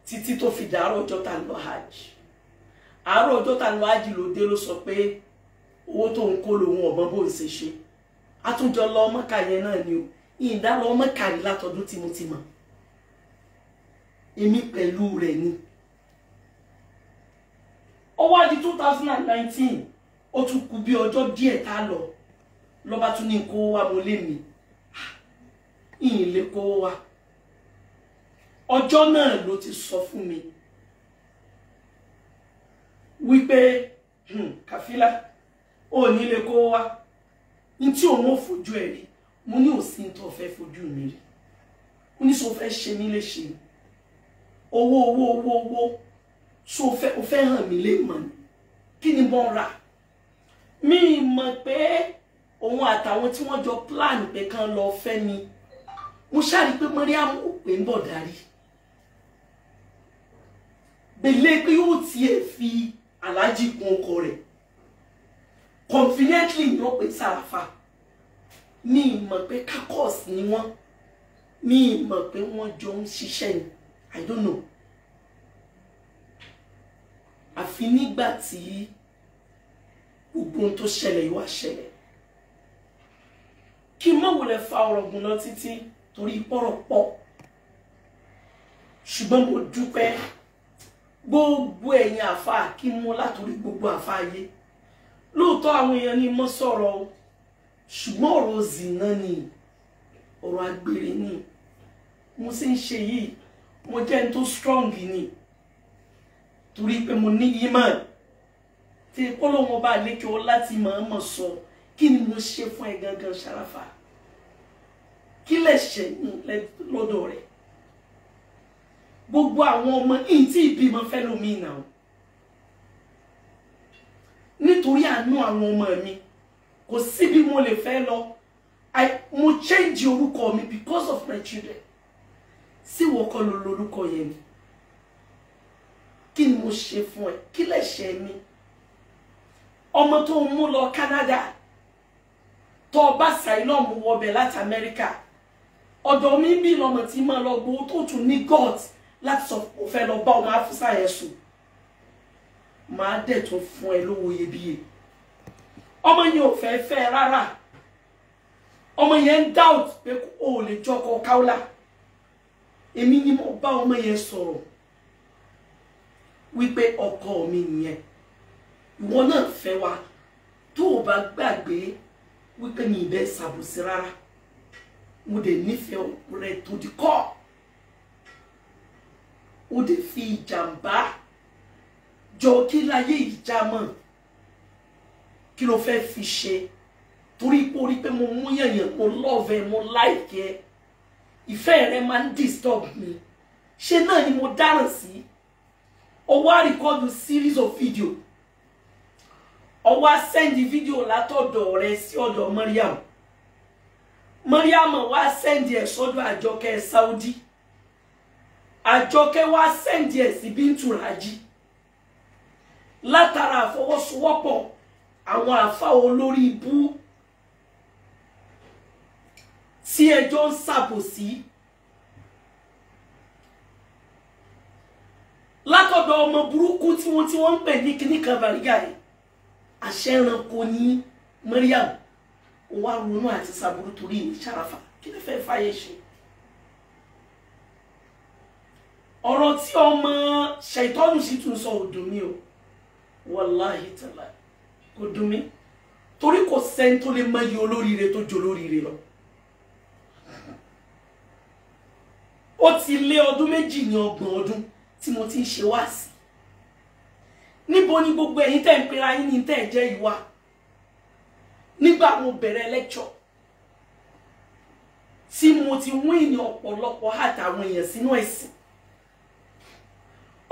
títí tó fi dàárọ̀ ọjọ́ tá a lọ hajj àárọ̀ ọjọ́ tá a lọ hajj ló ló sọ pé owó tó ń kó lòun ọ̀gbọ́n bó ń ṣe ṣe àtúnjọ lọ mọ́kà yẹn náà ni o ìdálọ ọmọ kàrí látọdún tí mo ti mọ̀ èmi pẹ̀lú rẹ̀ ni ó wá di two thousand and nineteen ó tún kù bí ọjọ́ díẹ̀ tá a lọ lọ́ba tún ní kó wá mo lé mi ìyìn lè kó wá ọjọ́ náà ló ti sọ fún mi wípé hmm, kàfílà ò ní lè kó wá ní tí òun ò fojú ẹ̀ rí mo ní òsì tó fẹ́ fojú mi rí mo ní sọ fẹ́ ṣe mí léṣe owó owó owó owó so fẹ́ o fẹ́ hàn mí lè mọ̀ ní kí ni mo rà mi mọ̀ pé òun àtàwọn tí wọ́n jọ plan pé kán lọ fẹ́ mi mo ṣáàrí pé Mariam ò pé ń bọ̀ darí bèlè pé yóò tiẹ̀ fi aláàjì kún ọkọ rẹ̀ confidently ni wọ́n pè sárafa ní ìmọ̀ pé kakọ́ọ̀sì ni wọ́n ní ìmọ̀ pé wọ́n jọ ń ṣiṣẹ́ ni i don't know àfi nígbà tí gbogbo ohun tó ṣẹlẹ̀ yóò wá ṣẹlẹ̀ kí n má wulẹ̀ fa ọ̀rọ̀ gùn lọ títí torí pọ̀rọ̀ pọ̀ ṣùgbọ́n mo dúpẹ́ gbogbo ẹ̀yin àfa kí n mú látòrí gbogbo àfa yé lóòótọ́ àwọn èèyàn ni mo sọ̀rọ̀ o ṣùgbọ́n ọ̀rọ̀ zìnà ni ọ̀rọ̀ agbèrè ni mo sì ń ṣe yìí mo jẹ́ ẹni tó strong ni torí pé mo ní yimán tí kọ́lọ́wọ́n bá lékè ọ láti máa mọ̀ sọ kí ni mo ṣe fún ẹ gangan ṣàràfà kí lè ṣe lọ́dọ̀ rẹ̀ gbogbo àwọn ọmọ yìí tí ìbímọ fẹ́ lómi náà nítorí àánú àwọn ọmọ mi kò síbi mo lè fẹ́ lọ mo change orúkọ mi because of my children sí wọ́n kọ́ ló lorúkọ yẹn ni kí ni mo ṣe fún ẹ kí lẹ̀ṣẹ̀ mi ọmọ tó ń mú lọ Canada tó o bá sàìlọ́ọ̀mù wọbẹ̀ láti Amẹ́ríkà ọ̀dọ̀ mi bí lọ́mọ tí máa lọ gbowó tó tún ní God láti sọ pé o fẹ́ lọ bá ọmọ afúsà yẹn sùn màá dẹ̀ tún fún ẹ lówó iyebíye ọmọ yẹn ò fẹ́ fẹ́ rárá ọmọ yẹn ń doubt pé o ò lè jọkọ káwọ́lá èmi ni mo bá ọmọ yẹn sọ̀rọ̀ wípé ọkọ mi nìyẹn ìwọ náà fẹ́ wa tó o bá gbàgbé wípé mi ìbẹ́ ṣàbùsí rárá mo dẹ̀ nífẹ̀ẹ́ rẹ tó di kọ́ o dẹ̀ fi ìjàmbá jọ kí láyé ìjà mọ̀ kí ló fẹ́ fi ṣe torí pé orí pé mo mú yẹ̀yẹ̀ mo love ẹ mo like ẹ ìfẹ́ rẹ máa ń disturb mi ṣé náà ni mo dáràn sí ó wá rìkọ́dù series of video ó wá sẹ́ndì fídíò látọ̀dọ̀ rẹ sí ọ̀dọ̀ Mariam Mariam wá sẹ́ndì ẹ̀ sọ́dọ̀ Àjọkẹ́ Saudi Àjọkẹ́ wá sẹ́ndì ẹ̀ sí Bíntù Rájí látara àfọwọ́sowọ́pọ̀ àwọn àfa olórí ibú tí ẹjọ́ ń ṣàbòsí látọ̀dọ̀ ọmọ burúkú tí wọ́n tí wọ́n ń pè ní kíní kan bàrígà yìí àṣẹ ẹranko ní Mariam wà ronú àti sàbúrú torí ní sàràfà kí ló fẹ́ẹ́ fàyè ṣe ọ̀rọ̀ tí ọmọ ṣètọ́nù sì tún sọ òdùn mi o wàláhìí tàlàyé kò dùn mí torí kò sẹ́ni tó lè mọ iye olóríire tó jọ olóríire lọ. ó ti lé ọdún méjì ní ọgbọ̀n ọdún tí mo ti ń ṣe wá sí níbo ni gbogbo ẹ̀yin tẹ́ ń pera yín ní tẹ́ ẹ̀ jẹ́ ìwà nígbà mo bẹ̀rẹ̀ lecture tí mo ti wín ní ọ̀pọ̀lọpọ̀ àtàwọn èèyàn sínú ẹ̀sìn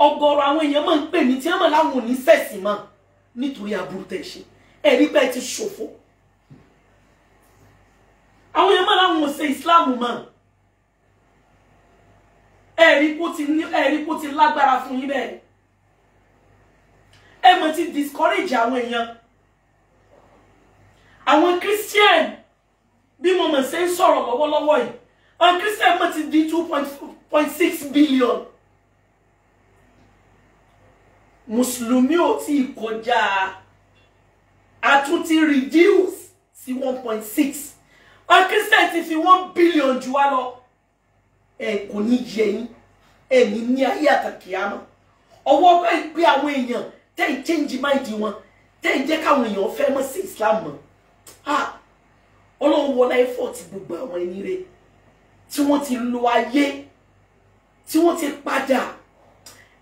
ọ̀gọ̀rọ̀ àwọn èèyàn máa ń pè mí tí wọ́n mọ̀ láwọn ò ní sẹ̀sìn mọ́ nítorí aburú tẹ̀ ṣe ẹ̀rí bẹ́ẹ̀ ti ṣòfò àwọn èèyàn máa láwọn ò ṣe ìsìláàmù mọ́ ẹ̀rí kó ti ní ẹ̀rí kó ti lágbára fún yín bẹ́ẹ̀ ẹ mọ̀ ti discourage àwọn èèyàn àwọn christian bí mo mọ̀ ṣe ń sọ̀rọ̀ lọ́wọ́lọ́wọ́ yìí àwọn christian mọ̀ ti di two point six billion mùsùlùmí ò tí kọjá a tún ti reduce sí one point six wọn christian ti fi one billion jù wá lọ ẹ kò ní jẹ yín ẹ ní ní ayé àtàkìyàmọ ọwọ́ ọgbà ìgbé àwọn èèyàn tẹ́ ì change mind wọn tẹ́ ì jẹ́ káwọn èèyàn fẹ́ mọ́ sí islam mọ́ ah ọlọ́run wọlé effort gbogbo àwọn ẹni rẹ tí wọ́n ti lo ayé tí wọ́n ti padà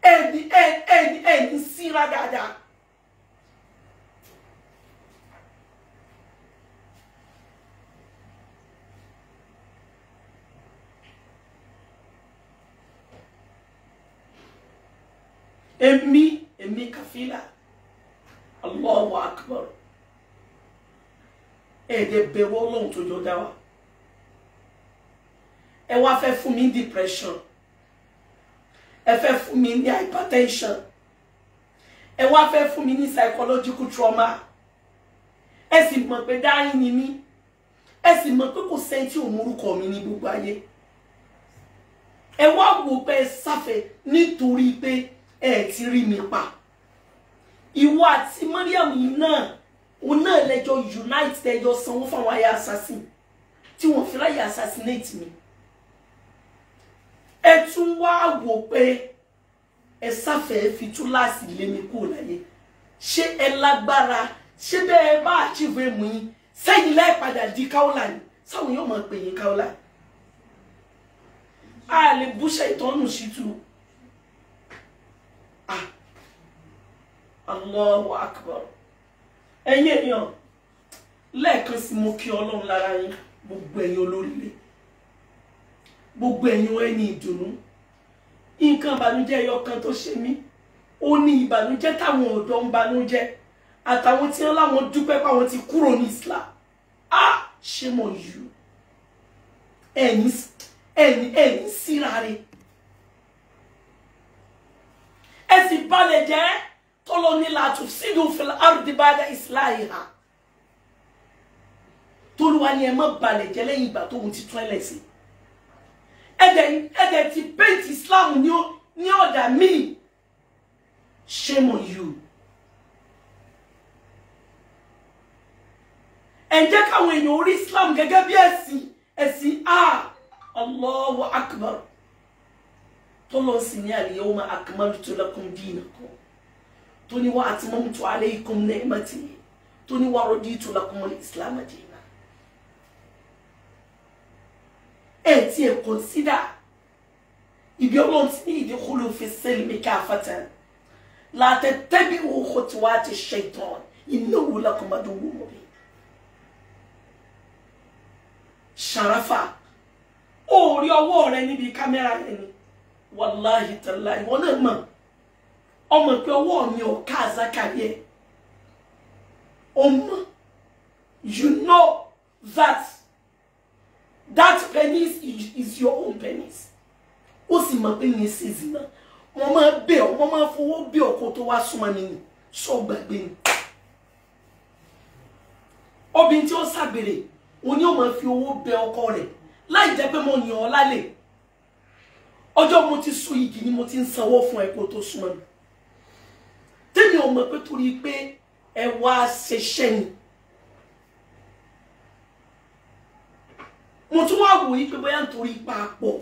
ẹni ẹni ẹni síra dáadáa. èmi èmi kàfílà Allahu akbar ẹ̀ẹ́dẹ̀ bẹ̀wọ̀ ọlọ́run tó jọ dá wa ẹ wá fẹ́ fún mi depression ẹ fẹ́ fún mi ní hypertension ẹ wá fẹ́ fún mi ní psychological trauma ẹ sì mọ̀ pé dáhìn ni mí ẹ sì mọ̀ pé kò sẹ́ni tí òmùrúkọ mi ní gbogbo ayé ẹ wá wò pé ẹ sáfẹ́ nítorí pé ẹ ti rí mi pa ìwọ àti Mariam yìí náà òun náà lẹjọ unite lẹjọ sanwó fáwọn ayé assassin tí wọ́n fi láyè assassinate mi ẹ tún wá wò pé ẹ sáfẹ́ fi túláàsì lé mi kúrò láyé ṣé ẹ lágbára ṣé bẹ́ẹ̀ bá àṣìwé mu yín sẹ́yìn láì padà di káólà ni sáwọn yóò máa pè yín káólà a lè búṣẹ́ ìtọ́nù ṣìtú Allahu akbar ẹ̀yin èèyàn lẹ́ẹ̀kan sí mo kí ọlọ́run lára yín gbogbo ẹ̀yin olóríire gbogbo ẹ̀yin ẹni ìdùnnú nǹkan ìbànújẹ́ ẹyọ kan tó ṣe mí ó ní ìbànújẹ́ táwọn ọ̀dọ́ ń banújẹ́ àtàwọn tí wọ́n láwọn dúpẹ́ páwọn ti kúrò ní Islam ah shame on you ẹ̀yin ẹ̀yin ẹ̀yin síra rẹ̀ ẹ sì balẹ̀ jẹ́ tọ́lọ́ ní làtún sídùn fìlà àrùdìbàdà ìsìláyà tolúwa ni ẹ má balẹ̀ jẹ́ lẹ́yìn ìgbà tóun ti tún ẹ lẹ̀ sí i ẹ̀dẹ̀ ẹ̀dẹ̀ ti paint Islam ní ọ̀dà míì shame on you. ẹ jẹ́ káwọn èèyàn orí Islam gẹ́gẹ́ bí ẹ̀sìn ẹ̀sìn a Allahu Akbar tó lọ sí ní al-yawma akmaltu lakum dinakum tó ní wa atmamtu alaykum ni'mati tó ní wa raditu lakum al-Islam dìínà. ẹ̀ tí consider kọ̀nsídà ìdí ọlọ́run ti ní ìdí kúlù fi sẹ́lẹ̀ mi ká fata láti tẹ́bi wò kò tí wàá ti ṣe tán iná wò lákòmọ́dé wò mọ́ bí. ṣàràfà ó rí ọwọ́ rẹ níbi kámẹ́rà yẹn ni wàláhì tàlá ìwọ náà mọ̀ ọmọ pé ọwọ́ mi ò ká àzákàrí ẹ̀ ọmọ you know that that penis is, is your own penis ó sì mọ̀ pé ní ṣèṣì náà wọ́n máa bẹ̀ ọ́ wọ́n máa fowó bẹ̀ ọ́ kó tó wá súnmọ́ mi nì sọ ni obìnrin tí ó ṣàgbèrè òun ni ó máa fi owó bẹ̀ ọkọ rẹ̀ láì jẹ́ pé mo yàn ọ́ lálẹ́ ọjọ́ mo ti sún igi ni mo ti ń sanwó fún ẹ kó tó súnmọ́ mi tèmi ò pé torí pé ẹ wá ṣe ṣẹ́yìn mo tún wá wò yí pé bóyá nítorí ipa pọ̀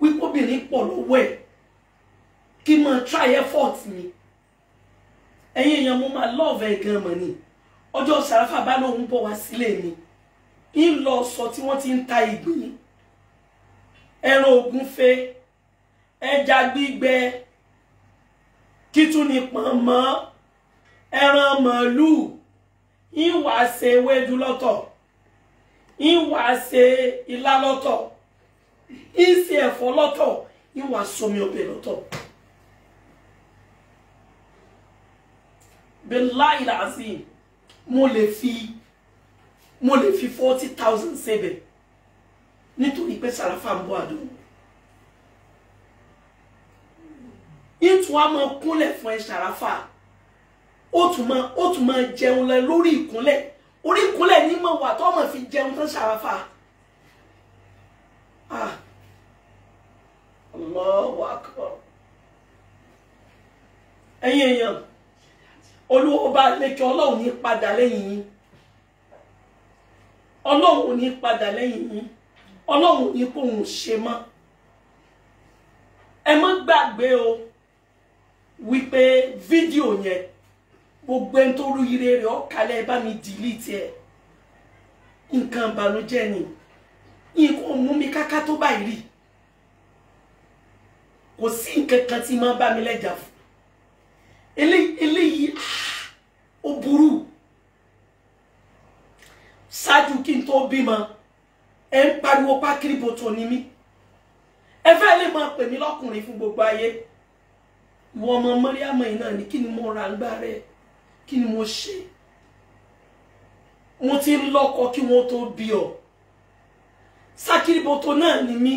wípóbìnrin pọ̀ lọ́wọ́ ẹ̀ kí mo try effort mi ẹ̀yin èèyàn mo máa love ẹ̀ gan mọ̀ ni ọjọ́ sàráfà bá lóun bọ̀ wá sílé mi ń lọ sọ tí wọ́n ti ń ta ìgbín ẹran ògúnfe ẹja gbígbẹ kítún ni pọ̀nmọ́ ẹran màálù ń wá ṣe ewédú ń wá ṣe ilá lọ́tọ̀ ń ṣe ẹ̀fọ́ lọ́tọ̀ ń wá somi ọbẹ̀ lọ́tọ̀. billahi lazim mo lè fi mo lè fi forty thousand ṣebẹ̀ nítorí pé sàràfà ń bọ́ àdó ìtún á máa kúnlẹ̀ fún ẹ sàràfà ó tún máa jẹun lẹ lórí ìkúnlẹ̀ orí ìkúnlẹ̀ ní mọ̀ wà tó jẹun tán ṣàwáfà ah. Allahu akbar ẹ̀yin èèyàn olówó bá lékè ọlọ́run ní padà lẹ́yìn yín ọlọ́run ní padà lẹ́yìn yín ọlọ́run ní kóhun ṣe mọ́ ẹ má gbàgbé o wípé fídíò yẹn gbogbo ẹni tó rú ire rẹ̀ ọ̀kalẹ̀ ẹ bá mi dìlítì ẹ̀ nǹkan ìbànújẹ́ ni nǹkan mú mi káká tó báyìí rí kò sí nǹkan kan tí máa ń bá mi lẹ́jà fún eléyìí ah, ó burú ṣáájú kí n tó bímọ ẹ ń pariwo pákíríbòtò ni mí ẹ fẹ́ lè máa pè mí lọ́kùnrin fún gbogbo ayé ìwọ ọmọ mọ́ríàmọ́ yìí náà ni kí ni mo ra ń rẹ kí ni mo ṣe mo ti lọ́kọ kí wọ́n tó bí ọ sákìrìbọ̀tò náà ni mí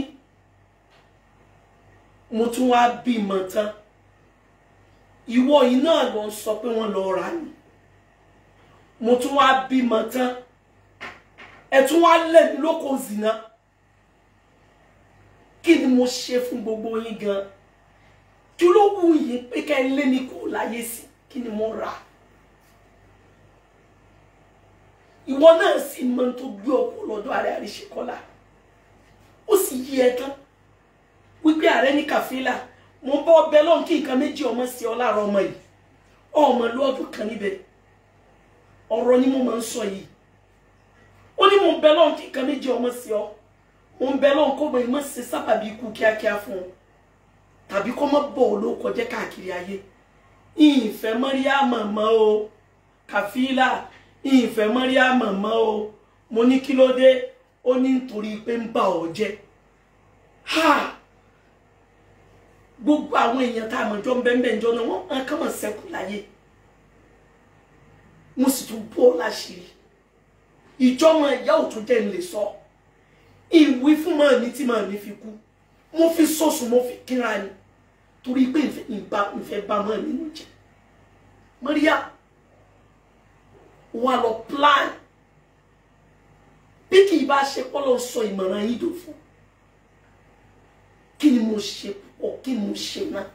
mo tún wá bímọ tán ìwọ yìí náà ló ń sọ pé wọ́n lọ rà ní mo tún wá bímọ tán ẹ tún wá lẹ̀ mí lóko zìnà kí ni mo ṣe fún gbogbo yín gan kí ló wù yín pé ká ẹ lé mi kúrò láyé sí kí ni mo rà á. ìwọ náà sì mọ tó gbé ọkọ lọ́dọ̀ ààrẹ àríṣekọlá ó sì yí ẹ tán wípé ààrẹ ní kàfílà mo ń ọbẹ lọ́hùn kí nǹkan méjì ọmọ sí ọ lára ọmọ yìí ọmọ ló kan níbẹ̀ ọ̀rọ̀ ni mo máa ń sọ yìí ó ní mo ń bẹ lọ́hùn kí nǹkan méjì ọmọ sí ọ mo ń bẹ lọ́hùn kó mọ ìmọ̀ ṣe sábàbí ikú kíákíá fún un tàbí kó mọ bọ̀ ló kọjá káàkiri ayé ìfẹ́ mọ́ríà mọ̀mọ́ o kàfílà ìfẹ́ Mariam mọ́ o mo ní kí ló dé ó ní nítorí pé ń bà ọ́ jẹ́ ha gbogbo àwọn èèyàn tá a mọ̀ jọ ń bẹ́ẹ̀ bẹ́ẹ̀ jọ náà wọ́n máa kàn mọ̀ sẹ́kù láyé mo sì tún bó láṣìírí ìjọmọ ìyá òtún jẹ́ ń lè sọ ìwí fún màá ní tí màá ní fi kú mo fi sọ̀sù mo fi kíra ni torí pé ìfẹ́ bá màá nínú jẹ́ Mariam wọn lọ plan bí kì í bá ṣe pọ́ lọ sọ ìmọ̀ràn yìí dò fún kí ni mo ṣe púpọ̀ kí ni mo ṣe náà.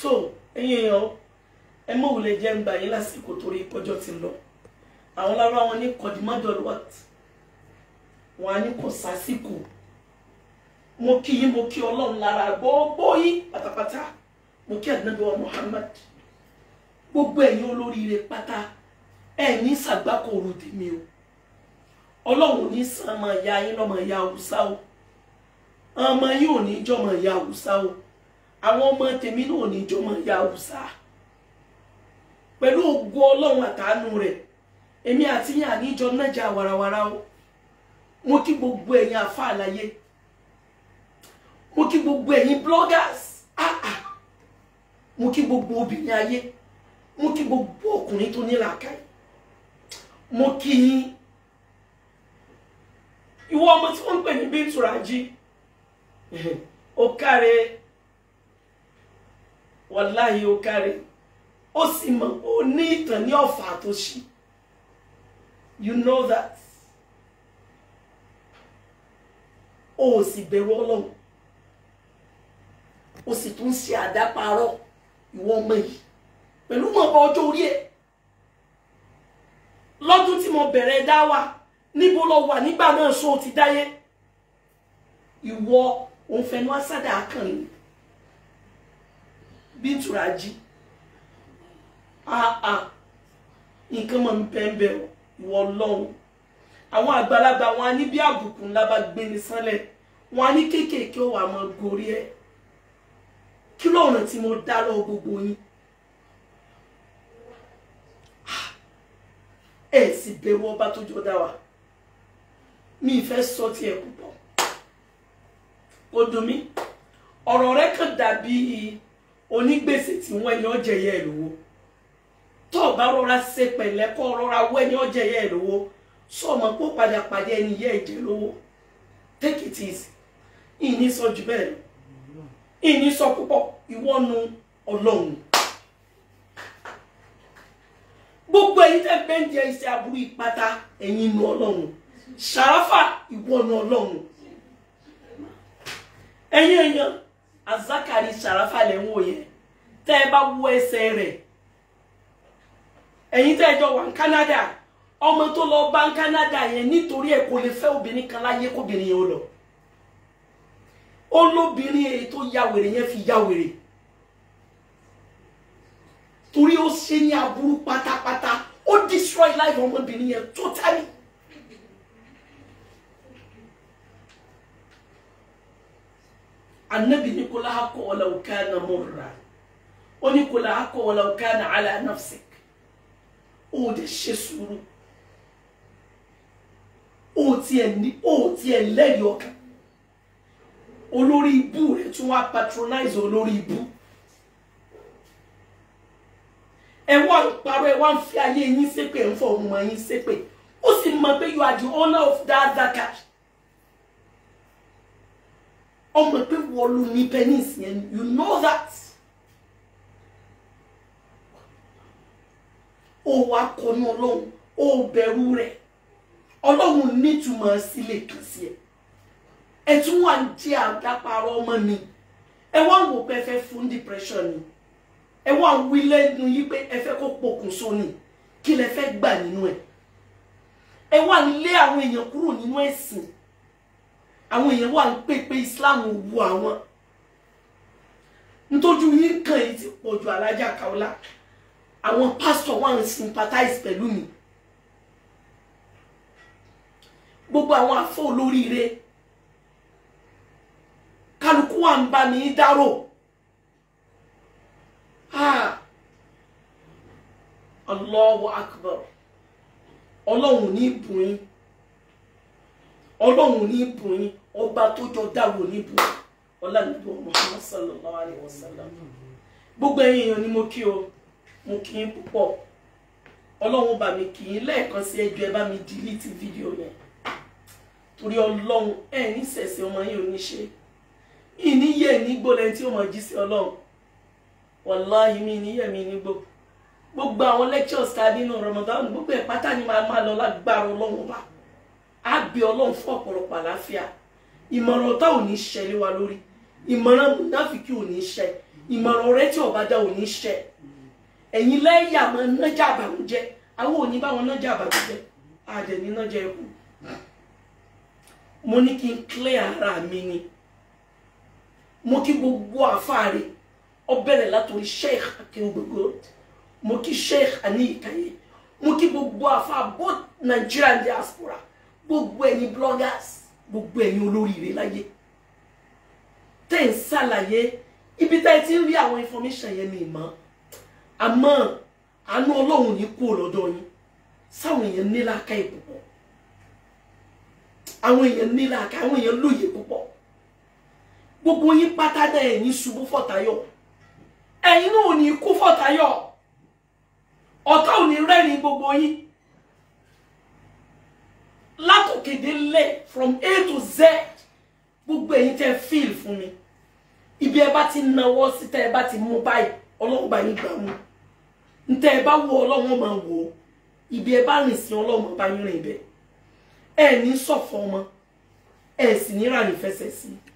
tó ẹ̀yin èèyàn ẹ mọ̀ wùlẹ̀ jẹ́ ń gbà yín lásìkò torí ìpọ́jọ́ ti lọ àwọn lára wọn ní kọ̀dìmọ́dọ̀lọ́t wọn á ní kò sásìkò mo kí yín mo kí ọlọ́run lára gbogbo yín pátápátá mo kí àdínàbíwá Muhammad gbogbo ẹ̀yin olóríire pátá ẹ̀yin ṣàgbákò òru tèmi o ọlọ́run ní san ọmọ ìyá yín lọ́mọ ìyá haúsá o ọmọ yín ò ní jọmọ ìyá haúsá o àwọn ọmọ tèmi náà ò ní jọmọ ìyá haúsá pẹ̀lú ògo ọlọ́run àtàánú rẹ̀ èmi àti yín àníjọ náà warawara o mo kí gbogbo ẹ̀yin àfáà mo kí gbogbo ẹ̀yin bloggers mo kí gbogbo obìnrin ayé mo kí gbogbo ọkùnrin tó ní làákàyè mo kí yín ìwọ ọmọ tí wọ́n ń pè ní Bintu Raji ó káre wàláhì ó káre ó sì mọ̀ ó ní ìtàn ní ọ̀fà tó ṣí you know that O sì bẹ̀rù ọlọ́run ó sì tún ṣe àdáparọ́ ìwọ ọmọ yìí pẹ̀lú mọ̀ bá ọjọ́ orí ẹ̀ lọ́dún tí mo bẹ̀rẹ̀ dá wà níbo lọ wà nígbà náà so ti dáyé ìwọ òun fẹnu asádà akànnì bí ìtura jí ah, nǹkan mọ̀ mi pẹ́ńbẹ́ ìwọ ọlọ́run àwọn àgbàlagbà wọn a ní bí àbùkù ńlá bá gbé ní sánlẹ̀ wọn á ní kéékèèké ó wà mọ́ gorí ẹ̀ kí ló ọ̀nà tí mo dá lọ́wọ́ gbogbo yín ah, ẹ sì bẹ̀rù ọba tó jọ dá wa mi ìfẹ́ sọ tiẹ̀ púpọ̀ kò dùn mí ọ̀rọ̀ rẹ kàn dàbí onígbèsè tí wọ́n ẹni ọ̀jẹ̀yẹ ẹ̀ lówó tó o bá rọra ṣe pẹ̀lẹ́ kó o rọra wọ́ ẹni ọ̀jẹ̀yẹ ẹ̀ lówó sọ ọmọ pé ó padà pàdé ẹni yẹ ẹ̀jẹ̀ lówó take it easy ìní sọ jù bẹ́ẹ̀ lọ ìní sọ púpọ̀ iwu ọnụ ọlọ́run gbogbo ẹ̀yin tẹ́ bẹ́ńjẹ iṣẹ́ aburú ìpátá ẹ̀yin nu ọlọ́run ṣàráfà ìwọ nu ọlọ́run ẹ̀yin èèyàn azakari sharafa lẹ̀ ń wò yẹn tẹ́ ẹ bá wo ẹsẹ̀ Canada ọmọ tó lọ bá ní Canada yẹn nítorí ẹ̀ kò lè fẹ́ obìnrin kan láyé kóbìnrin yẹn ó lọ. olóbìnrin èyí tó ya wèrè yẹn fi ya wèrè torí ó ṣe ní aburú pátápátá ó destroy life ọmọbìnrin yẹn totally. annabi ni kula hakọ wala na mura. ó ní kula hakọ wala na ala nafsik ó dẹ̀ ṣe O ó ni o ó tiẹ̀ lẹ́yìn ọkàn olórí ibú rẹ tún wá patronize olórí ibú ẹ wá ń parọ́ ẹ wá ń fi ayé yín ṣépè ń fọ ọmọ yín ṣépè ó sì mọ̀ pé you are the owner of that zakat ọmọ pé wọ́n ló ní pennies yẹn you know that ó wá kọnu ọlọ́run ó bẹ̀rù rẹ̀ ọlọ́run nítumọ̀ sílẹ̀ kan sí ẹ̀ ẹ tún wà ń jẹ àdáparọ ọmọ mi ẹ wá ń wò pé ẹ fẹ́ fún depression ni ẹ wá ń wí lẹ́nu yìí pé ẹ fẹ́ kó pokùnso ni kí lẹ fẹ́ gbà nínú ẹ ẹ wá ń lé àwọn èèyàn kúrò nínú ẹ̀sìn àwọn èèyàn wà ń pè pé Islam wu àwọn nítorí yín kan èyí ti pọ̀ ju alájà Kaola àwọn pásítọ̀ wà ń sympathize pẹ̀lú mi gbogbo àwọn afọ olóríire Kaluku wa ń bá ní í ah. Allahu akbar ọlọ́run ní bùn yín ọlọ́run ní bùn yín ọba tó jọ dárò ní bùn ọlànàbí Muhammad sallallahu alayhi wa sallam gbogbo ẹ̀yin èèyàn ni mo kí o mo kí yín púpọ̀ ọlọ́run bá mi kì í lẹ́ẹ̀kan sí ẹjọ́ ẹ bá mi dìlítì fídíò yẹn torí ọlọ́run ẹ̀ ní sẹ̀sẹ̀ ọmọ yín ò ní ṣe ìníyẹ nígbò lẹni tí ó máa jí sí ọlọ́run wàláhì mi ìníyẹ mi nígbò gbogbo àwọn lectures ta nínú Ramadan gbogbo ẹ̀ pátá ni màá máa lọ lágbára ọlọ́run ọba á bí ọlọ́run fún ọ̀pọ̀lọpọ̀ àlàáfíà ìmọ̀ràn ọ̀tá ò ní ṣẹ lé wa lórí ìmọ̀ràn mùnáfìkì ò ní ṣẹ ìmọ̀ràn ọ̀rẹ́ tí ọba dá ò ní ṣẹ ẹ̀yin lẹ́yìn àmọ́ nájà àbàmújẹ àwọn ò bá wọn nájà àbàmújẹ àdẹ̀ ní nájà ẹkú mo ní kí n clear ara mi ni mo kí gbogbo àfáàrí ọbẹ̀rẹ̀ látòrí sheikh akíngbogbo mo kí sheikh aníyíkáyé mo kí gbogbo àfáà both nigerian diaspora gbogbo ẹ̀yin bloggers gbogbo ẹ̀yin olóríire láyé tẹ́ ń ṣàlàyé ibi tá ẹ ti ń rí àwọn information yẹn mi mọ́ àmọ́ àánú ọlọ́run ní kú lọ́dọ̀ yín sáwọn èèyàn nílá ká ìpò pọ̀ àwọn èèyàn nílá ká àwọn èèyàn lóye púpọ̀ gbogbo yín pátádá ẹ̀yin ṣubú fọ̀tayọ̀ ẹ̀yin náà ò ní kú fọ̀tayọ̀ ọ̀tá ò ní rẹ́rìn gbogbo yín látòkèdè lẹ̀ from a to z gbogbo ẹ̀yin tẹ́ fíìl fún mi ibi ẹ bá ti nawọ́ sí tẹ́ ẹ bá ti mú báyìí ọlọ́run bá yín gbà mú ntẹ́ ẹ bá wo ọlọ́run máa wò ó ibi ẹ bá rìn sí ọlọ́run bá yín rìn bẹ́ẹ̀ ẹ ní sọ̀fọ́ ọmọ ẹ sì ní rànífẹsẹ̀ sí i.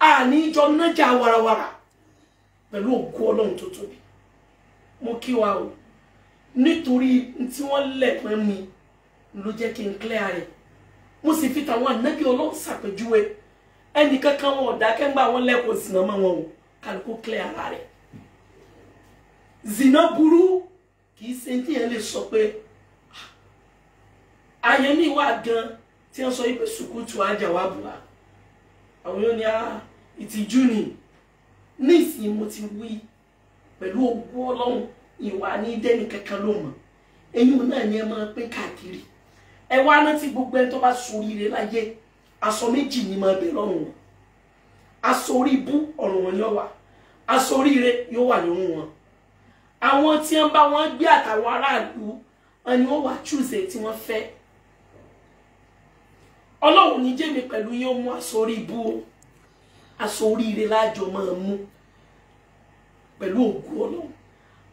a ní jọ nájà warawara pẹ̀lú òkú ọlọ́run tó tóbi mo kí wa o nítorí tí wọ́n lẹ̀ pẹ́ mi ló jẹ́ kí n clear rẹ̀ mo sì fi tàwọn ànábì ọlọ́run ṣàpèjúwe ẹnì kankan wọn ọ̀dà kẹ́ńgbà wọn lẹ́kọ̀ọ́ sínú ọmọ wọn o kálukú ara rẹ̀ zina burú kì í ṣe lè sọ pé ah, gan tí sọ yìí pé ìtìjú ni nísìnyí mo ti wí pẹ̀lú ogún ọlọ́run ìwà ní dẹ́ni kankan ló mọ̀ ẹ̀yin náà ni ẹ máa pín káàkiri ẹ wá rántí gbogbo ẹni tó bá ṣoríire láyé aṣọ méjì ni máa bẹ̀ lọ́rùn wọn aṣọ orí ibú ọ̀rùn wọn ni ó wà aṣọ oríire yóò wà lọ́rùn wọn àwọn tí wọ́n bá wọn gbé àtàwọn aráàlú wọn ni wọ́n wà chúùsẹ̀ tí wọ́n fẹ́ ọlọ́run ní jẹ́mi pẹ̀lú yóò mú aṣọ orí ibú o. asoriire la jo ma mu pelu ogun olohun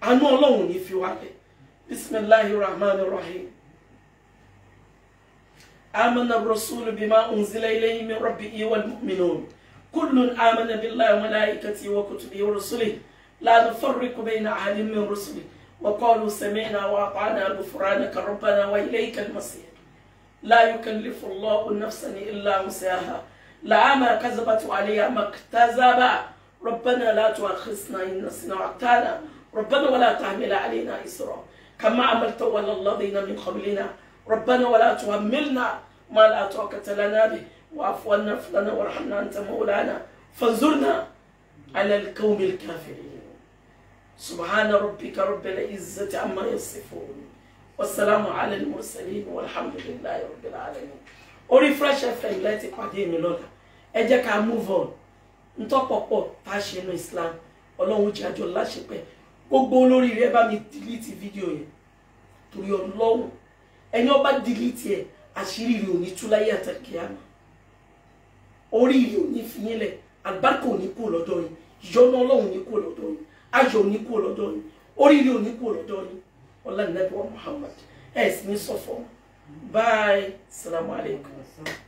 anu olohun ni fi wa le bismillahir rahmanir rahim امن الرسول بما انزل اليه من ربه والمؤمنون كل امن بالله وملائكته وكتبه ورسله لا نفرق بين احد من رسله وقالوا سمعنا واطعنا غفرانك ربنا واليك المصير لا يكلف الله نفسا الا وسعها لا ما كذبت عليا ما اكتذب ربنا لا تؤاخذنا إن نسينا وعطانا ربنا ولا تحمل علينا إسرا كما عملت ولا الذين من قبلنا ربنا ولا تهملنا ما لا طاقة لنا به واعف عنا فلنا وارحمنا أنت مولانا فانظرنا على القوم الكافرين سبحان ربك رب العزة عما يصفون والسلام على المرسلين والحمد لله رب العالمين orí fresh fm lẹ́tì pàdé mi lọ́la ẹ jẹ́ ká move on ntọ́pọ̀pọ̀ tá a ṣe inú islam ọlọ́run jẹ́ àjọ láṣepẹ́ gbogbo olórí rẹ bá mi delete fídíò yẹn torí ọlọ́run ẹni ọba delete ẹ àṣírí rẹ ò ní tú láyé orí rẹ ò ní àgbákò ní lọ́dọ̀ yìí ìyọ́nú ọlọ́run ní lọ́dọ̀ yìí ayọ̀ ní muhammad ẹ̀ sì ní sọ Bye. Assalamu alaikum.